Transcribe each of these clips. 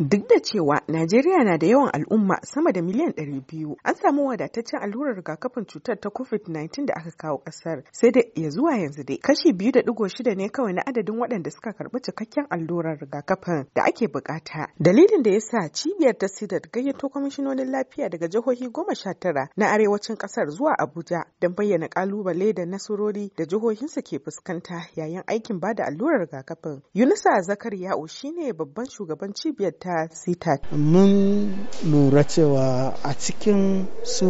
Duk da cewa Najeriya na da yawan al'umma sama da miliyan 200, an samu wadataccen allurar rigakafin cutar ta COVID-19 da aka kawo ƙasar. Sai da ya zuwa yanzu dai kashi biyu da digo shida ne kawai na adadin waɗanda suka karɓi cikakken allurar rigakafin da ake buƙata. Dalilin da ya sa cibiyar ta sidar gayyato kwamishinonin lafiya daga jihohi goma sha tara na arewacin ƙasar zuwa Abuja don bayyana ƙalubale da nasarori da jihohinsu ke fuskanta yayin aikin bada allurar rigakafin. Yunusa Zakariya'u shine babban shugaban cibiyar ta ta sita mun lura cewa a cikin su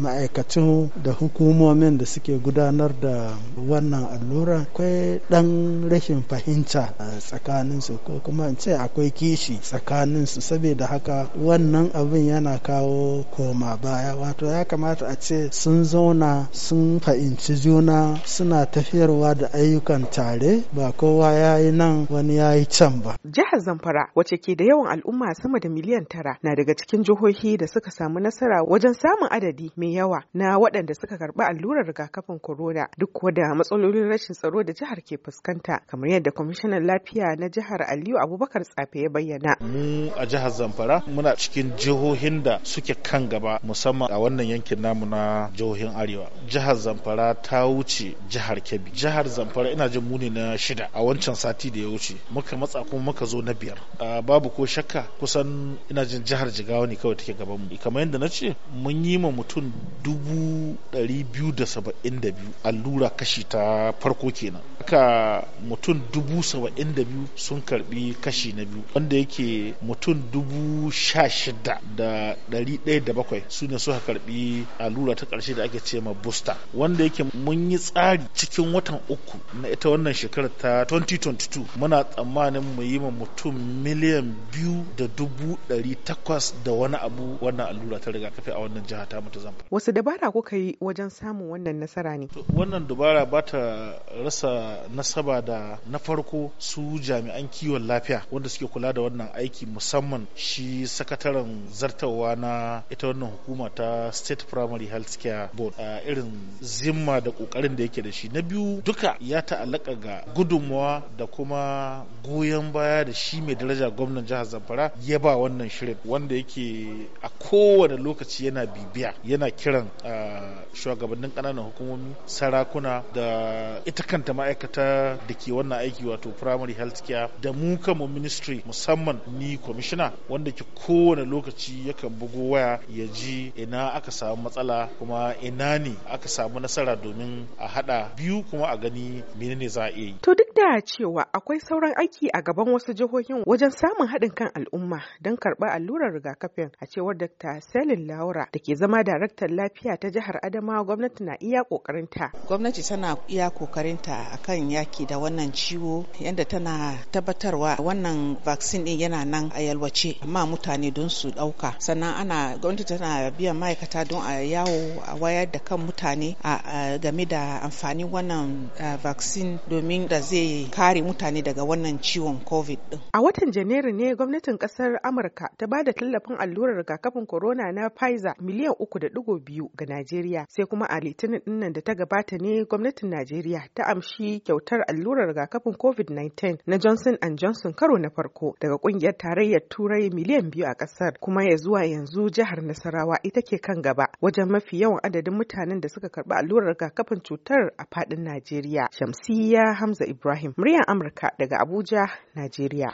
ma'aikatu da hukumomin da suke gudanar da wannan allura akwai ɗan rashin fahimta tsakaninsu ko kuma in ce akwai kishi tsakanin su saboda haka wannan abin yana kawo koma baya wato ya kamata a ce sun zauna sun fahimci juna suna tafiyarwa da ayyukan tare ba kowa ya yi nan wani ya yi can ba jihar zamfara wace ke da yawan al'umma sama da miliyan tara na daga cikin jihohi da suka samu nasara wajen samun adadi mai yawa na waɗanda suka karɓi allurar rigakafin corona duk kuwa da matsalolin rashin tsaro da jihar ke fuskanta kamar yadda kwamishinan lafiya na jihar aliyu abubakar tsafe ya bayyana mu a jihar zamfara muna cikin jihohin da suke kan gaba musamman a wannan yankin namu na jihohin arewa jihar zamfara ta wuce jihar kebbi jihar zamfara ina jin muni na shida a wancan sati da ya wuce muka matsa kuma muka zo na biyar ah, babu ko sha shakka kusan ina jin jihar jigawa ne kawai take gaban mu kamar yadda na ce mun yi ma mutum dubu ɗari biyu da saba'in da biyu allura kashi ta farko kenan haka mutum dubu saba'in da biyu sun karbi kashi na biyu wanda yake mutum dubu sha shida da ɗari ɗaya da bakwai su ne suka karbi allura ta ƙarshe da ake ce ma booster wanda yake mun yi tsari cikin watan uku na ita wannan shekarar ta 2022 muna tsammanin mu yi ma mutum miliyan biyu biyu da dubu ɗari takwas da wani abu wannan allura ta rigakafi a wannan jiha ta mutu zamfara. Wasu dabara kuka yi wajen samun wannan nasara ne? Wannan dabara ba ta rasa nasaba da na farko su jami'an kiwon lafiya wanda suke kula da wannan aiki musamman shi sakataren zartawa na ita wannan hukuma ta State Primary Health Care Board a irin zimma da kokarin da yake da shi. Na biyu duka ya ta'allaka ga gudunmawa da kuma goyon baya da shi mai daraja gwamnan jihar zamfara ya ba wannan shirin wanda yake a kowane lokaci yana bibiya yana kiran shugabannin ƙananan hukumomi sarakuna da ita kanta ma'aikata da ke wannan aiki wato primary health care da mu kama ministry musamman ni commissioner wanda ke kowane lokaci yakan bugo waya ya ji ina aka samu matsala kuma ina ne aka samu nasara domin a hada biyu kuma a gani menene za a iya yi. To duk da cewa akwai sauran aiki a gaban wasu jihohin wajen samun haɗin kan al'umma don karɓar allurar rigakafin a cewar Dr. Selin Laura da ke zama daraktar lafiya ta jihar Adamawa gwamnati na iya kokarinta. Gwamnati tana iya kokarinta kan yaki da wannan ciwo yadda tana tabbatarwa wannan vaccine din yana nan a yalwace amma mutane don su ɗauka, sannan ana gwamnati tana biyan ma'aikata don a yawo a wayar da kan mutane a game da amfani wannan vaccine domin da zai kare mutane daga wannan ciwon covid din. A watan Janairu ne gwamnatin kasar Amurka ta ba da tallafin allurar rigakafin corona na Pfizer miliyan uku da digo biyu ga Najeriya sai kuma a litinin dinnan da ta gabata ne gwamnatin Najeriya ta amshi kyautar allurar rigakafin COVID-19 na Johnson and Johnson karo na farko daga kungiyar tarayyar Turai miliyan biyu a kasar kuma ya zuwa yanzu jihar Nasarawa ita ke kan gaba wajen mafi yawan adadin mutanen da suka karɓi allurar rigakafin cutar a faɗin Najeriya. Shamsiyya Hamza Ibrahim, muryar Amurka daga Abuja, Najeriya.